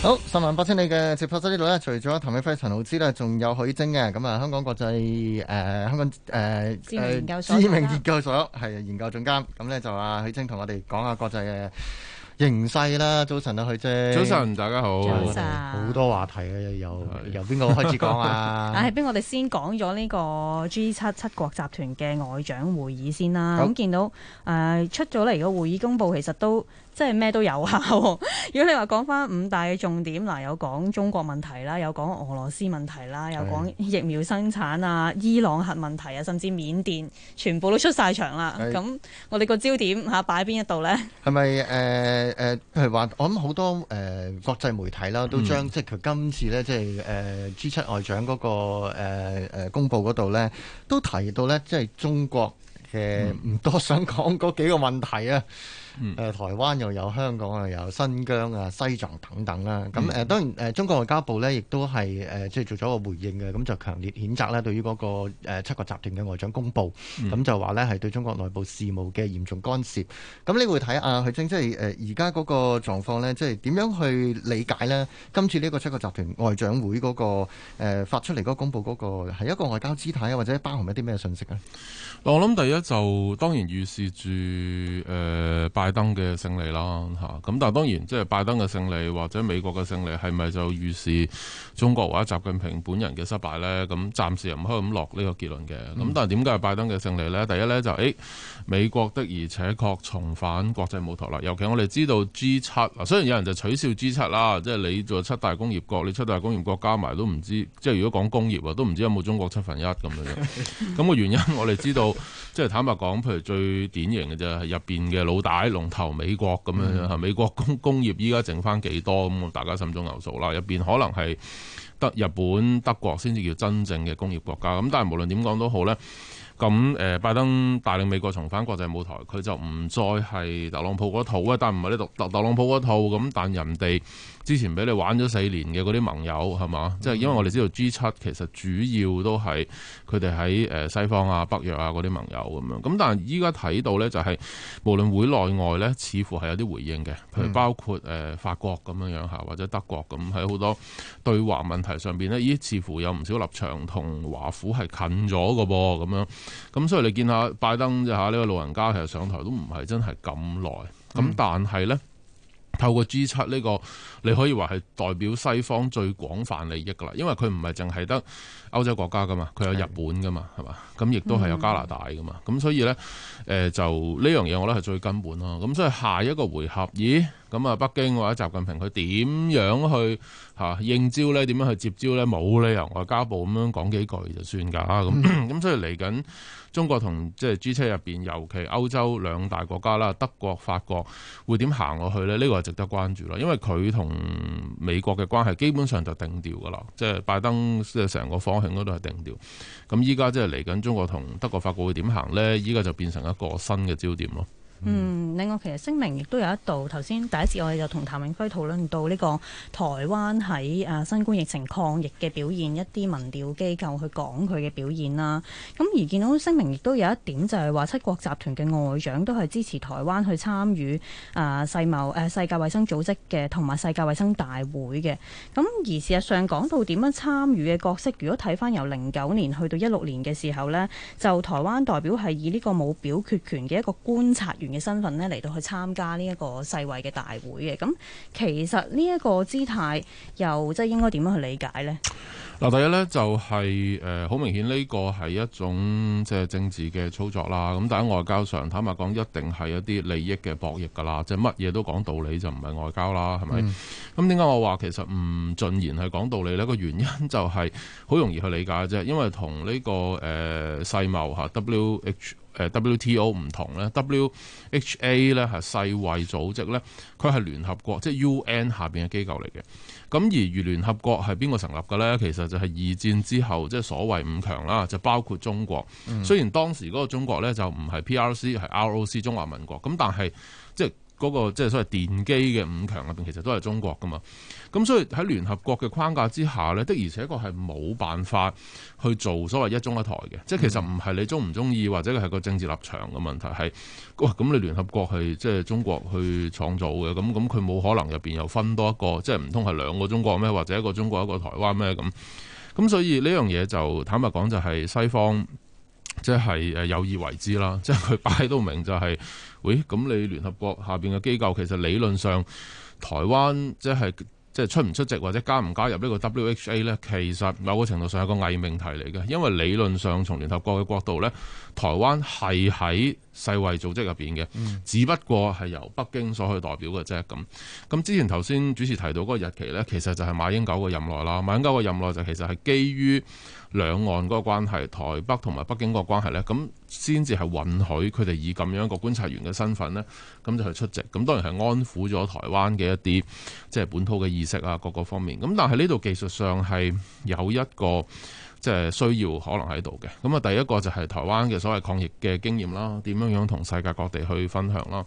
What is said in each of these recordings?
好，十萬八千里嘅直播室呢度咧，除咗譚偉輝、陳老之咧，仲有許楨嘅。咁啊，香港國際誒、呃，香港誒、呃、智,智明研究所，智明研究所係研究總監。咁咧就啊，許楨同我哋講下國際嘅形勢啦。早晨啊，許楨。早晨，大家好。早晨。好多話題又、呃、啊，由由邊個開始講啊？誒，邊我哋先講咗呢個 G 七七國集團嘅外長會議先啦。咁見到誒、呃、出咗嚟個會議公報，其實都。即係咩都有啊！ 如果你話講翻五大嘅重點，嗱有講中國問題啦，有講俄羅斯問題啦，有講疫苗生產啊、伊朗核問題啊，甚至緬甸，全部都出晒場啦。咁我哋個焦點嚇擺邊一度呢？係咪誒誒？譬、呃呃、如話，我諗好多誒、呃、國際媒體啦，都將即係佢今次呢，即係誒 G7 外長嗰、那個誒、呃、公佈嗰度呢，都提到呢，即係中國嘅唔、嗯、多想講嗰幾個問題啊！誒、嗯呃、台灣又有香港又有新疆啊、西藏等等啦、啊。咁、嗯、誒、啊、當然誒、呃、中國外交部呢亦都係誒、呃、即係做咗個回應嘅。咁就強烈譴責呢對於嗰、那個、呃、七個集團嘅外長公佈，咁、嗯、就話呢係對中國內部事務嘅嚴重干涉。咁你會睇下啊？許楨即係誒而家嗰個狀況呢，即係點樣去理解呢？今次呢個七個集團外長會嗰、那個誒、呃、發出嚟嗰個公佈嗰、那個，係一個外交姿態或者包含一啲咩信息呢？我諗第一就當然預示住誒、呃拜登嘅勝利啦嚇，咁但係當然即係拜登嘅勝利或者美國嘅勝利係咪就預示中國或者習近平本人嘅失敗呢？咁暫時又唔可以咁落呢個結論嘅。咁但係點解係拜登嘅勝利呢？第一呢、就是，就、哎、誒美國的而且確重返國際舞台啦。尤其我哋知道 G 七啊，雖然有人就取笑 G 七啦，即係你做七大工業國，你七大工業國加埋都唔知道，即係如果講工業啊，都唔知道有冇中國七分一咁樣。咁、那個原因我哋知道，即係坦白講，譬如最典型嘅就係入邊嘅老大。重投美國咁樣樣，美國工工業依家剩翻幾多咁？大家心中有數啦。入邊可能係德日本、德國先至叫真正嘅工業國家。咁但係無論點講都好呢，咁誒拜登帶領美國重返國際舞台，佢就唔再係特朗普嗰套啊，但唔係呢度，特特朗普嗰套咁，但人哋。之前俾你玩咗四年嘅嗰啲盟友係嘛？即係、嗯、因為我哋知道 G 七其實主要都係佢哋喺誒西方啊、北約啊嗰啲盟友咁樣。咁但係依家睇到呢，就係無論會內外呢，似乎係有啲回應嘅。譬如包括誒法國咁樣樣嚇，或者德國咁，喺好多對華問題上邊呢，咦？似乎有唔少立場同華府係近咗嘅噃咁樣。咁所以你見下拜登啫嚇，呢個老人家其實上台都唔係真係咁耐。咁、嗯、但係呢。透過 G7 呢個，你可以話係代表西方最廣泛利益㗎喇，因為佢唔係淨係得歐洲國家㗎嘛，佢有日本㗎嘛，係嘛？咁亦都係有加拿大㗎嘛，咁、嗯、所以呢，呃、就呢樣嘢我覺得係最根本咯。咁所以下一個回合，咦？咁啊，北京嘅話，習近平佢點樣去嚇應招咧？點樣去接招咧？冇理由外交部咁樣講幾句就算噶。咁、嗯、咁， 所以嚟緊中國同即係 G7 入面，尤其歐洲兩大國家啦，德國、法國會點行落去咧？呢、呢個係值得關注咯。因為佢同美國嘅關係基本上就定調噶啦，即、就、係、是、拜登即係成個方向都係定調。咁依家即係嚟緊中國同德國、法國會點行咧？依家就變成一個新嘅焦點咯。嗯，另外其實聲明亦都有一度，頭先第一節我哋就同譚永輝討論到呢個台灣喺誒新冠疫情抗疫嘅表現，一啲民調機構去講佢嘅表現啦。咁而見到聲明亦都有一點，就係話七國集團嘅外長都係，支持台灣去參與啊世貿誒世界衛生組織嘅同埋世界衛生大會嘅。咁而事實上講到點樣參與嘅角色，如果睇翻由零九年去到一六年嘅時候咧，就台灣代表係以呢個冇表決權嘅一個觀察員。嘅身份呢嚟到去參加呢一個世衛嘅大會嘅，咁其實呢一個姿態又即係應該點樣去理解呢？嗱，第一呢就係誒好明顯呢個係一種即係政治嘅操作啦。咁但喺外交上，坦白講一定係一啲利益嘅博弈噶啦。即係乜嘢都講道理就唔係外交啦，係咪？咁點解我話其實唔盡然係講道理呢？個原因就係好容易去理解啫，因為同呢個誒世貿吓。W H。誒 WTO 唔同咧，WHO 咧係世衛組織咧，佢係聯合國，即係 UN 下邊嘅機構嚟嘅。咁而如聯合國係邊個成立嘅咧？其實就係二戰之後，即係所謂五強啦，就包括中國。嗯、雖然當時嗰個中國咧就唔係 PRC，係 ROC 中華民國。咁但係即係。就是嗰個即係所謂電機嘅五強入邊，其實都係中國噶嘛。咁所以喺聯合國嘅框架之下呢，的而且確係冇辦法去做所謂一中一台嘅。即係其實唔係你中唔中意，或者係個政治立場嘅問題。係咁你聯合國係即係中國去創造嘅。咁咁佢冇可能入邊又分多一個，即係唔通係兩個中國咩？或者一個中國一個台灣咩？咁咁所以呢樣嘢就坦白講，就係西方。即係誒有意為之啦，即係佢擺到明就係、是，喂、哎、咁你聯合國下面嘅機構其實理論上台灣即係即係出唔出席或者加唔加入呢個 WHA 呢？其實某個程度上係個偽命題嚟嘅，因為理論上從聯合國嘅角度呢，台灣係喺世衛組織入面嘅，只不過係由北京所去代表嘅啫。咁咁之前頭先主持提到嗰個日期呢，其實就係馬英九嘅任內啦。馬英九嘅任內就其實係基於，兩岸嗰個關係，台北同埋北京嗰個關係呢，咁先至係允許佢哋以咁樣一個觀察員嘅身份呢，咁就去出席。咁當然係安撫咗台灣嘅一啲即係本土嘅意識啊，各個方面。咁但係呢度技術上係有一個。即係需要可能喺度嘅咁啊，第一個就係台灣嘅所謂抗疫嘅經驗啦，點樣樣同世界各地去分享啦。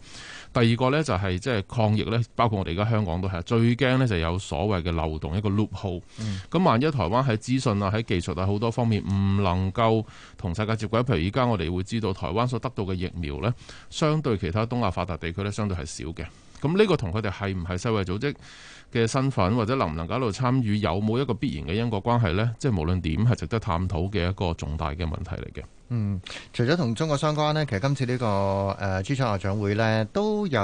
第二個呢，就係即係抗疫呢，包括我哋而家香港都係最驚呢，就有所謂嘅漏洞一個 loop hole。咁、嗯、萬一台灣喺資訊啊、喺技術啊好多方面唔能夠同世界接軌，譬如而家我哋會知道台灣所得到嘅疫苗呢，相對其他東亞發達地區呢，相對係少嘅。咁呢個同佢哋係唔係世衛組織嘅身份，或者能唔能夠喺度參與，有冇一個必然嘅因果關係呢？即係無論點，係值得探討嘅一個重大嘅問題嚟嘅。嗯，除咗同中國相關呢，其實今次呢、這個誒、呃、G7 外長會呢，都有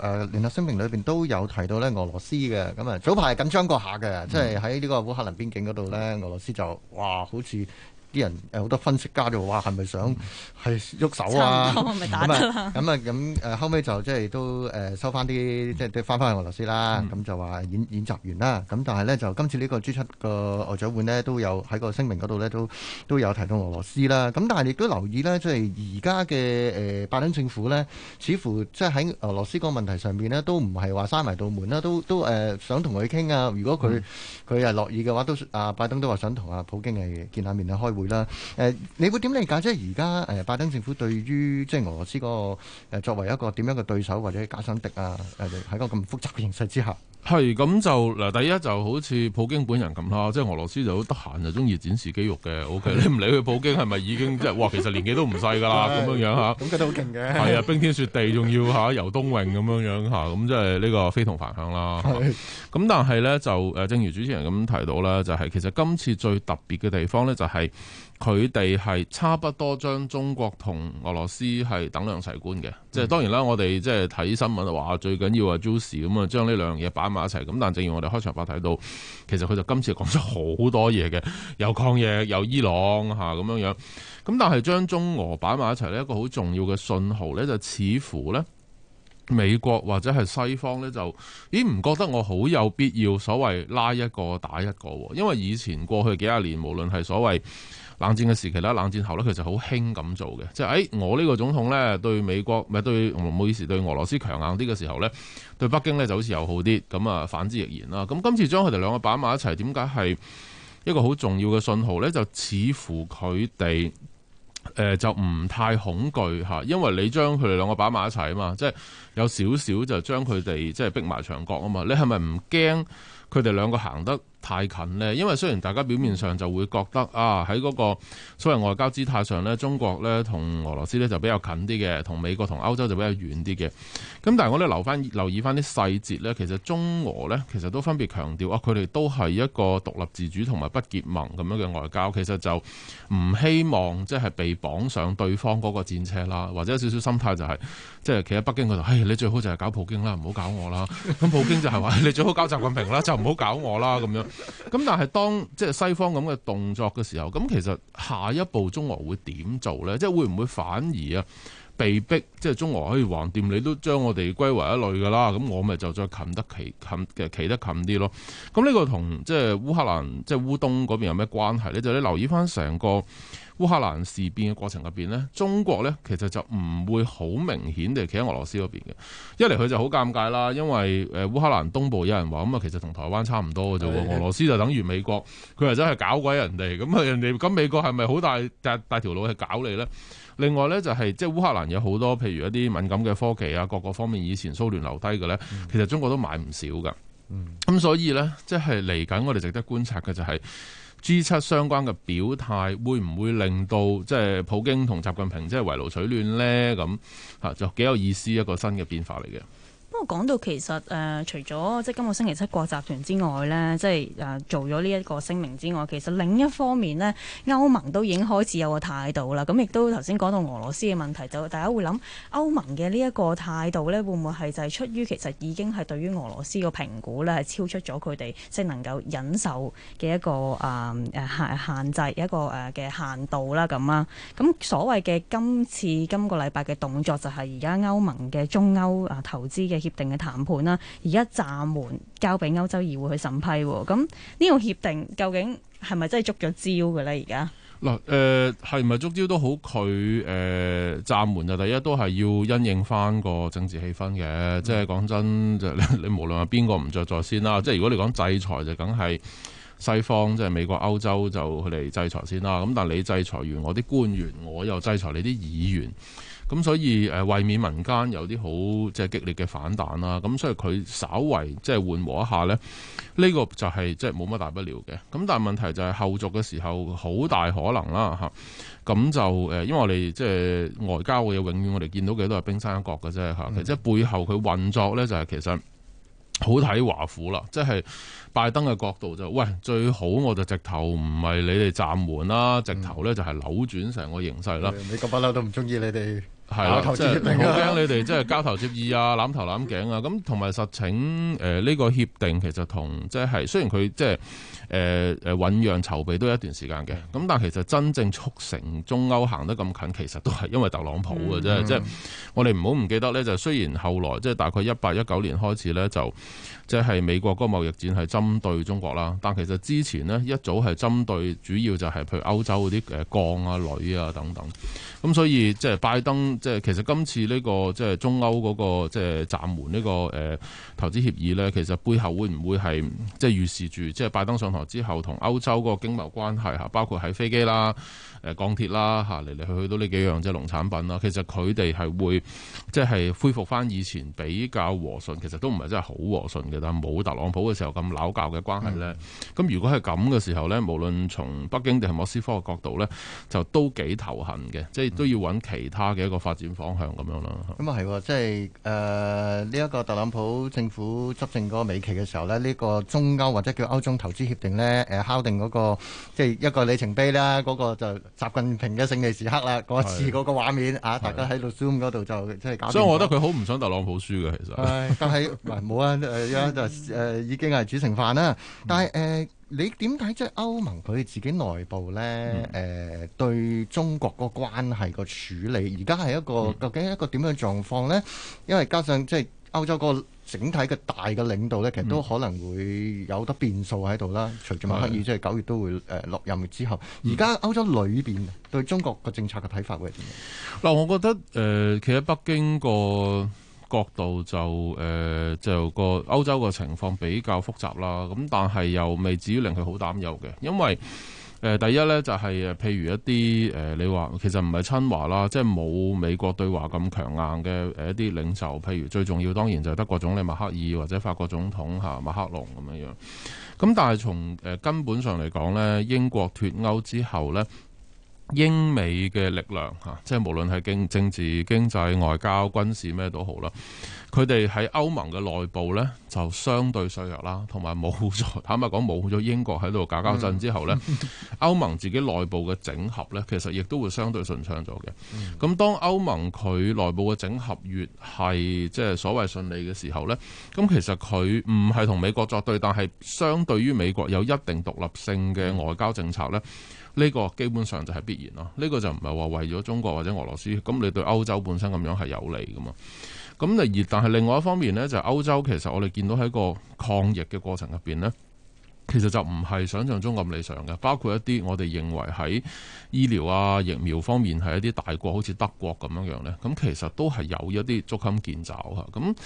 誒、呃、聯合聲明裏面都有提到咧俄羅斯嘅。咁啊，早排緊張過下嘅、嗯，即係喺呢個烏克蘭邊境嗰度呢，俄羅斯就哇，好似～啲人誒好多分析家就話係咪想係喐手啊？咁啊咁啊咁誒後尾就、呃、即係都誒收翻啲即係翻翻去俄羅斯啦。咁、嗯、就話演演習完啦。咁但係咧就今次呢個 G7 個外長會咧都有喺個聲明嗰度咧都都有提到俄羅斯啦。咁但係亦都留意咧，即係而家嘅誒拜登政府咧，似乎即係喺俄羅斯個問題上邊咧都唔係話閂埋道門啦，都都誒、呃、想同佢傾啊。如果佢佢係樂意嘅話，都阿、啊、拜登都話想同阿普京係見下面開會會啦，誒，你會點理解即係而家誒，拜登政府對於即係俄羅斯嗰個誒作為一個點樣嘅對手或者假想敵啊？誒喺一個咁複雜嘅形勢之下。係咁就嗱，第一就好似普京本人咁啦，即係俄羅斯就好得閒就中意展示肌肉嘅。OK，你唔理佢普京係咪已經即係 哇，其實年紀都唔細噶啦，咁樣樣吓。咁覺得好勁嘅。係啊，冰天雪地仲要吓游 冬泳咁樣樣吓，咁即係呢個非同凡響啦。咁，但係咧就誒，正如主持人咁提到啦，就係其實今次最特別嘅地方咧，就係。佢哋係差不多將中國同俄羅斯係等量齊觀嘅，即、嗯、係當然啦，我哋即係睇新聞話最緊要啊 juice 咁啊，將呢兩樣嘢擺埋一齊。咁但正如我哋開場法睇到，其實佢就今次講咗好多嘢嘅，有抗疫，有伊朗吓咁樣樣。咁但係將中俄擺埋一齊呢，一個好重要嘅信號呢，就似乎呢美國或者係西方呢，就咦唔覺得我好有必要所謂拉一個打一個，因為以前過去幾廿年，無論係所謂。冷戰嘅時期啦，冷戰後咧，其實好興咁做嘅。即係，誒、欸，我呢個總統咧，對美國咪對，唔好意思，對俄羅斯強硬啲嘅時候咧，對北京咧就好似友好啲。咁啊，反之亦然啦。咁今次將佢哋兩個擺埋一齊，點解係一個好重要嘅信號咧？就似乎佢哋誒就唔太恐懼嚇，因為你將佢哋兩個擺埋一齊啊嘛，即係有少少就將佢哋即係逼埋牆角啊嘛。你係咪唔驚佢哋兩個行得？太近呢，因為雖然大家表面上就會覺得啊，喺嗰個所謂外交姿態上咧，中國咧同俄羅斯咧就比較近啲嘅，同美國同歐洲就比較遠啲嘅。咁但係我哋留翻留意翻啲細節咧，其實中俄咧其實都分別強調啊，佢哋都係一個獨立自主同埋不結盟咁樣嘅外交，其實就唔希望即係被綁上對方嗰個戰車啦，或者有少少心態就係即係企喺北京嗰度，係、哎、你最好就係搞普京啦，唔好搞我啦。咁普京就係話你最好搞習近平啦，就唔好搞我啦咁樣。咁 但係當即係西方咁嘅動作嘅時候，咁其實下一步中俄會點做呢？即係會唔會反而啊被逼？即係中俄可以橫掂，哎、你都將我哋歸為一類噶啦。咁我咪就，就再近得其近嘅，企得近啲咯。咁呢個同即係烏克蘭即係烏東嗰邊有咩關係呢？你就你留意翻成個。烏克蘭事變嘅過程入邊呢，中國呢其實就唔會好明顯地企喺俄羅斯嗰邊嘅。一嚟佢就好尷尬啦，因為誒烏克蘭東部有人話咁啊，其實同台灣差唔多嘅啫喎。俄羅斯就等於美國，佢係真係搞鬼人哋，咁啊人哋咁美國係咪好大大大條路去搞你呢？另外呢、就是，就係即係烏克蘭有好多譬如一啲敏感嘅科技啊，各個方面以前蘇聯留低嘅呢。其實中國都買唔少噶。咁、嗯、所以呢，即係嚟緊我哋值得觀察嘅就係、是。G7 相關嘅表態會唔會令到即係普京同習近平即係圍爐取暖呢？咁嚇就幾有意思，一個新嘅變化嚟嘅。不過講到其實誒、呃，除咗即係今個星期七國集團之外呢，即係誒、啊、做咗呢一個聲明之外，其實另一方面呢，歐盟都已經開始有個態度啦。咁亦都頭先講到俄羅斯嘅問題，就大家會諗歐盟嘅呢一個態度呢，會唔會係就係出於其實已經係對於俄羅斯嘅評估呢，係超出咗佢哋即係能夠忍受嘅一個誒限、啊、限制，一個誒嘅、啊限、啊、限、限度啦咁啊，咁所謂嘅今次今個禮拜嘅動作，就係而家歐盟嘅中歐啊投資嘅協定嘅談判啦，而家暫緩交俾歐洲議會去審批，咁呢個協定究竟係咪真係捉咗招嘅咧？而家嗱，誒，係咪捉招都好，佢誒暫緩就第一都係要因應翻個政治氣氛嘅、嗯，即係講真，就你無論係邊個唔着在先啦，即係如果你講制裁就梗係。西方即係美國、歐洲就佢制裁先啦，咁但係你制裁完，我啲官員我又制裁你啲議員，咁所以誒為免民間有啲好即係激烈嘅反彈啦，咁所以佢稍微即係緩和一下呢，呢、呢個就係即係冇乜大不了嘅。咁但係問題就係後續嘅時候好大可能啦嚇，咁就誒因為我哋即係外交嘅嘢永遠我哋見到嘅都係冰山一角嘅啫嚇，即係背後佢運作呢，就係其實。好睇華府啦，即係拜登嘅角度就，喂最好我就直頭唔係你哋站門啦，直頭咧就係扭轉成個形勢啦，嗯。你個班友都唔中意你哋，啊，係啦，好驚你哋即係交頭接耳啊，攬頭攬頸啊，咁同埋實情呢，呢個協定其實同即係雖然佢即係。誒誒醞釀籌備都一段時間嘅，咁但其實真正促成中歐行得咁近，其實都係因為特朗普嘅啫。即係我哋唔好唔記得呢，就是就是、雖然後來即係、就是、大概一八一九年開始呢，就即、是、係美國嗰個貿易戰係針對中國啦。但其實之前呢，一早係針對主要就係譬如歐洲嗰啲誒鋼啊、鋁啊等等。咁所以即係拜登即係、就是、其實今次呢、這個即係、就是、中歐嗰、那個即係、就是、暫緩呢個誒投資協議呢，其實背後會唔會係即係預示住即係拜登上台？之後同歐洲個經貿關係吓，包括喺飛機啦。誒鋼鐵啦嚇，嚟嚟去去都呢幾樣即係農產品啦。其實佢哋係會即係、就是、恢復翻以前比較和順，其實都唔係真係好和順嘅。但係冇特朗普嘅時候咁鬧交嘅關係咧。咁、嗯、如果係咁嘅時候咧，無論從北京定係莫斯科嘅角度咧，就都幾頭痕嘅，即係都要搵其他嘅一個發展方向咁樣咯。咁啊係，即係誒呢一個特朗普政府執政嗰個尾期嘅時候咧，呢、這個中歐或者叫歐中投資協定咧，誒敲定嗰、那個即係、就是、一個里程碑啦，嗰、那個就。習近平嘅勝利時刻啦，嗰次嗰個畫面啊，大家喺度 Zoom 嗰度就即係搞。所以我覺得佢好唔想特朗普輸嘅其實。係，但係唔好啊，而家就誒、呃、已經係煮成飯啦、嗯。但係誒、呃，你點解即係歐盟佢自己內部咧？誒、呃，對中國個關係個處理，而家係一個究竟一個點樣的狀況咧？因為加上即係。歐洲個整體嘅大嘅領導咧，其實都可能會有得變數喺度啦。隨住馬克爾即係九月都會誒落任之後，而家歐洲裏邊對中國嘅政策嘅睇法會係點樣？嗱、嗯，我覺得誒，其實、呃、北京個角度就誒、呃、就個歐洲嘅情況比較複雜啦。咁但係又未至於令佢好擔憂嘅，因為。誒第一咧就係誒，譬如一啲誒，你話其實唔係親華啦，即係冇美國對華咁強硬嘅誒一啲領袖，譬如最重要當然就係德國總理默克爾或者法國總統嚇馬克龍咁樣樣。咁但係從誒根本上嚟講咧，英國脱歐之後咧。英美嘅力量吓，即係無論係政政治、經濟、外交、軍事咩都好啦。佢哋喺歐盟嘅內部咧，就相對削弱啦，同埋冇咗坦白講，冇咗英國喺度搞搞震之後咧，嗯、歐盟自己內部嘅整合咧，其實亦都會相對順暢咗嘅。咁、嗯、當歐盟佢內部嘅整合越係即係所謂順利嘅時候咧，咁其實佢唔係同美國作對，但係相對於美國有一定獨立性嘅外交政策咧。呢、呢個基本上就係必然咯，呢個就唔係話為咗中國或者俄羅斯，咁你對歐洲本身咁樣係有利噶嘛？咁而但係另外一方面呢，就係歐洲其實我哋見到喺個抗疫嘅過程入邊呢。其實就唔係想像中咁理想嘅，包括一啲我哋認為喺醫療啊疫苗方面係一啲大國，好似德國咁樣樣呢。咁其實都係有一啲捉襟見肘嚇。咁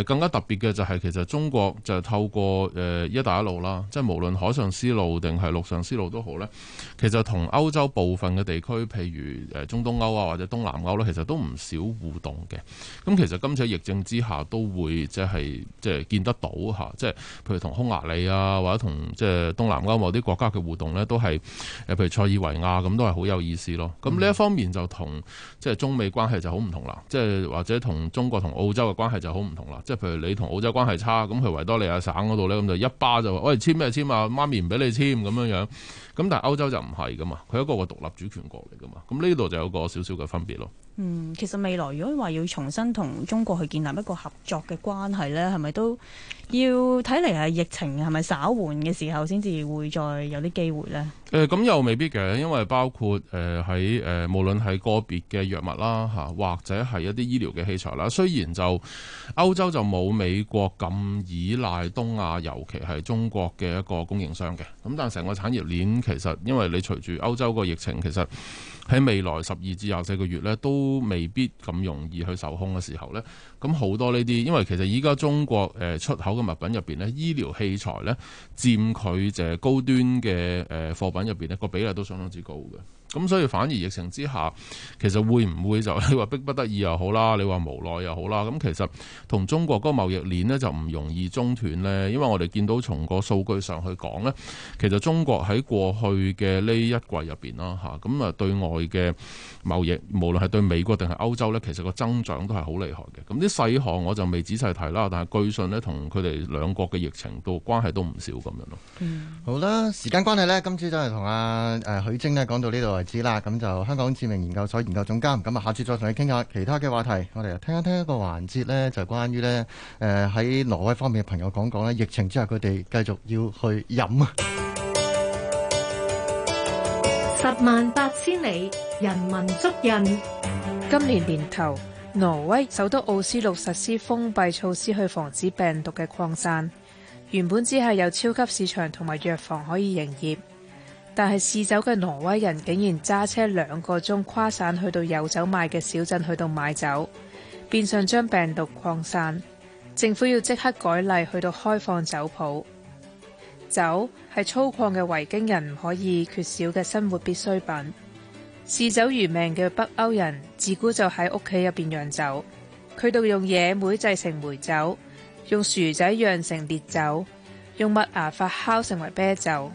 誒更加特別嘅就係，其實中國就透過誒一帶一路啦，即係無論海上絲路定係陸上絲路都好呢。其實同歐洲部分嘅地區，譬如誒中東歐啊或者東南歐呢，其實都唔少互動嘅。咁其實今次疫症之下都會即係即係見得到嚇，即係譬如同匈牙利啊或者同即係東南歐某啲國家嘅互動咧，都係誒，譬如塞爾維亞咁，都係好有意思咯。咁呢一方面就同即係中美關係就好唔同啦，即係或者同中國同澳洲嘅關係就好唔同啦。即係譬如你同澳洲關係差，咁譬如維多利亞省嗰度呢，咁就一巴就話喂，簽咩簽啊，媽咪唔俾你簽咁樣樣。咁但係歐洲就唔係噶嘛，佢一個個獨立主權國嚟噶嘛。咁呢度就有個少少嘅分別咯。嗯，其實未來如果話要重新同中國去建立一個合作嘅關係呢，係咪都要睇嚟係疫情係咪稍緩嘅時候先至會再有啲機會呢？誒咁又未必嘅，因為包括誒喺誒無論係個別嘅藥物啦嚇或者係一啲醫療嘅器材啦。雖然就歐洲就冇美國咁依賴東亞，尤其係中國嘅一個供應商嘅。咁但成個產業鏈其實，因為你隨住歐洲個疫情，其實喺未來十二至廿四個月呢，都未必咁容易去受控嘅時候呢。咁好多呢啲，因為其實依家中國誒出口嘅物品入邊咧，醫療器材咧佔佢就係高端嘅誒貨品入邊咧個比例都相當之高嘅。咁所以反而疫情之下，其實會唔會就你話逼不得已又好啦，你話無奈又好啦，咁其實同中國嗰個貿易鏈咧就唔容易中斷咧，因為我哋見到從個數據上去講咧，其實中國喺過去嘅呢一季入邊啦，吓，咁啊對外嘅貿易，無論係對美國定係歐洲咧，其實個增長都係好厲害嘅。咁啲細項我就未仔細提啦，但係據信咧同佢哋兩國嘅疫情關都關係都唔少咁樣咯。嗯。好啦，時間關係咧，今次真係同阿誒許楨咧講到呢度。知啦，咁就香港智明研究所研究總監，咁啊，下次再同你傾下其他嘅話題。我哋聽一聽一個環節呢就關於呢誒喺、呃、挪威方面嘅朋友講講咧，疫情之下佢哋繼續要去飲。啊。十萬八千里，人文足印。今年年頭，挪威首都奧斯陸實施封閉措施，去防止病毒嘅擴散。原本只係有超級市場同埋藥房可以營業。但係試酒嘅挪威人竟然揸車兩個鐘跨省去到有酒賣嘅小鎮去到買酒，變相將病毒擴散。政府要即刻改例去到開放酒鋪。酒係粗獷嘅維京人唔可以缺少嘅生活必需品。嗜酒如命嘅北歐人自古就喺屋企入邊釀酒，佢哋用野莓製成梅酒，用薯仔釀成烈酒，用麥芽發酵成為啤酒。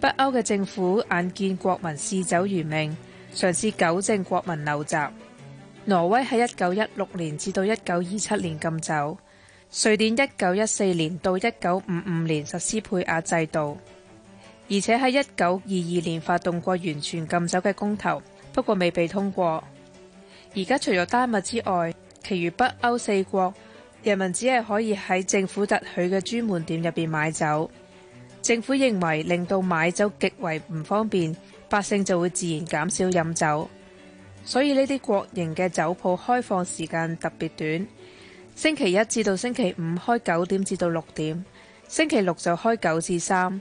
北歐嘅政府眼見國民嗜酒如命，嘗試糾正國民陋習。挪威喺一九一六年至到一九二七年禁酒；瑞典一九一四年到一九五五年實施配額制度，而且喺一九二二年發動過完全禁酒嘅公投，不過未被通過。而家除咗丹麥之外，其餘北歐四國人民只係可以喺政府特許嘅專門店入邊買酒。政府認為令到買酒極為唔方便，百姓就會自然減少飲酒，所以呢啲國營嘅酒鋪開放時間特別短，星期一至到星期五開九點至到六點，星期六就開九至三。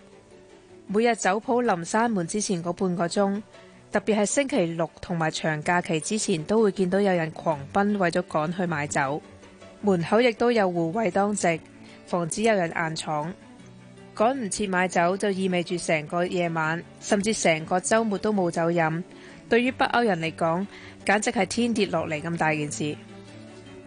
每日酒鋪臨閂門之前嗰半個鐘，特別係星期六同埋長假期之前，都會見到有人狂奔為咗趕去買酒，門口亦都有護衛當值，防止有人硬闖。趕唔切買酒，就意味住成個夜晚甚至成個週末都冇酒飲。對於北歐人嚟講，簡直係天跌落嚟咁大件事。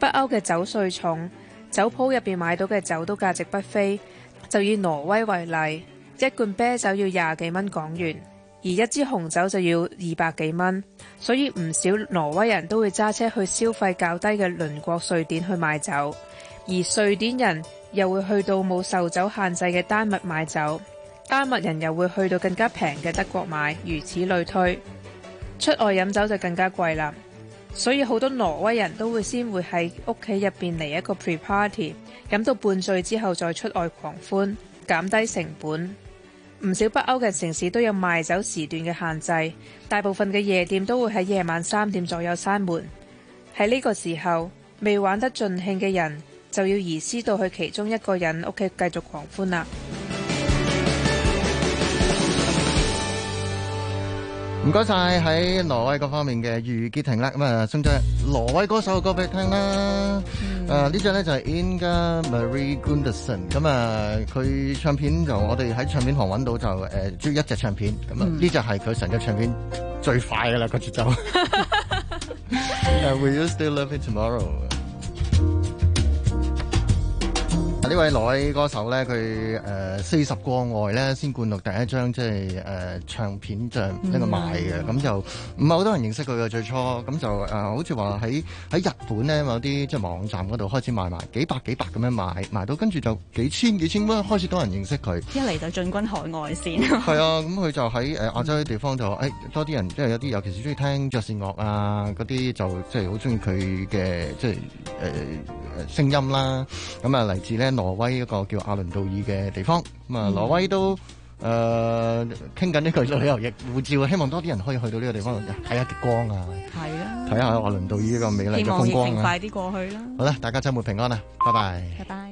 北歐嘅酒稅重，酒鋪入邊買到嘅酒都價值不菲。就以挪威為例，一罐啤酒要廿幾蚊港元，而一支紅酒就要二百幾蚊。所以唔少挪威人都會揸車去消費較低嘅鄰國瑞典去買酒。而瑞典人又會去到冇售酒限制嘅丹麥買酒，丹麥人又會去到更加平嘅德國買，如此類推。出外飲酒就更加貴啦。所以好多挪威人都會先會喺屋企入邊嚟一個 pre party，飲到半醉之後再出外狂歡，減低成本。唔少北歐嘅城市都有賣酒時段嘅限制，大部分嘅夜店都會喺夜晚三點左右閂門。喺呢個時候未玩得盡興嘅人。就要移師到去其中一個人屋企繼續狂歡啦！唔該晒，喺挪威嗰方面嘅余潔婷啦，咁啊送咗挪威歌手嘅歌俾你聽啦。誒呢張咧就係 Inga Marie Gunderson 咁、嗯、啊佢唱片就我哋喺唱片行揾到就誒只一隻唱片，咁啊呢隻係佢成隻唱片最快嘅一個節奏。 Will you still love me tomorrow？呢位女歌手咧，佢誒四十個外咧先灌錄第一張即係誒、呃、唱片像，嗯、就一個賣嘅，咁就唔係好多人認識佢嘅最初。咁就誒、呃，好似話喺喺日本咧某啲即係網站嗰度開始賣埋幾百幾百咁樣賣，賣到跟住就幾千幾千蚊、嗯、開始多人認識佢。一嚟就進軍海外先。係 啊，咁佢就喺誒亞洲啲地方就誒、哎、多啲人，即係有啲尤其是鍾意聽爵士樂啊嗰啲，就即係好鍾意佢嘅即係誒誒聲音啦。咁啊，嚟自咧，挪威一個叫阿倫道爾嘅地方，咁啊，挪威都誒傾緊呢個旅遊業護照，希望多啲人可以去到呢個地方睇下極光啊，係啊，睇下阿倫道爾呢個美麗嘅風光啊，希望疫情快啲過去啦。好啦，大家週末平安啊，拜拜，拜拜。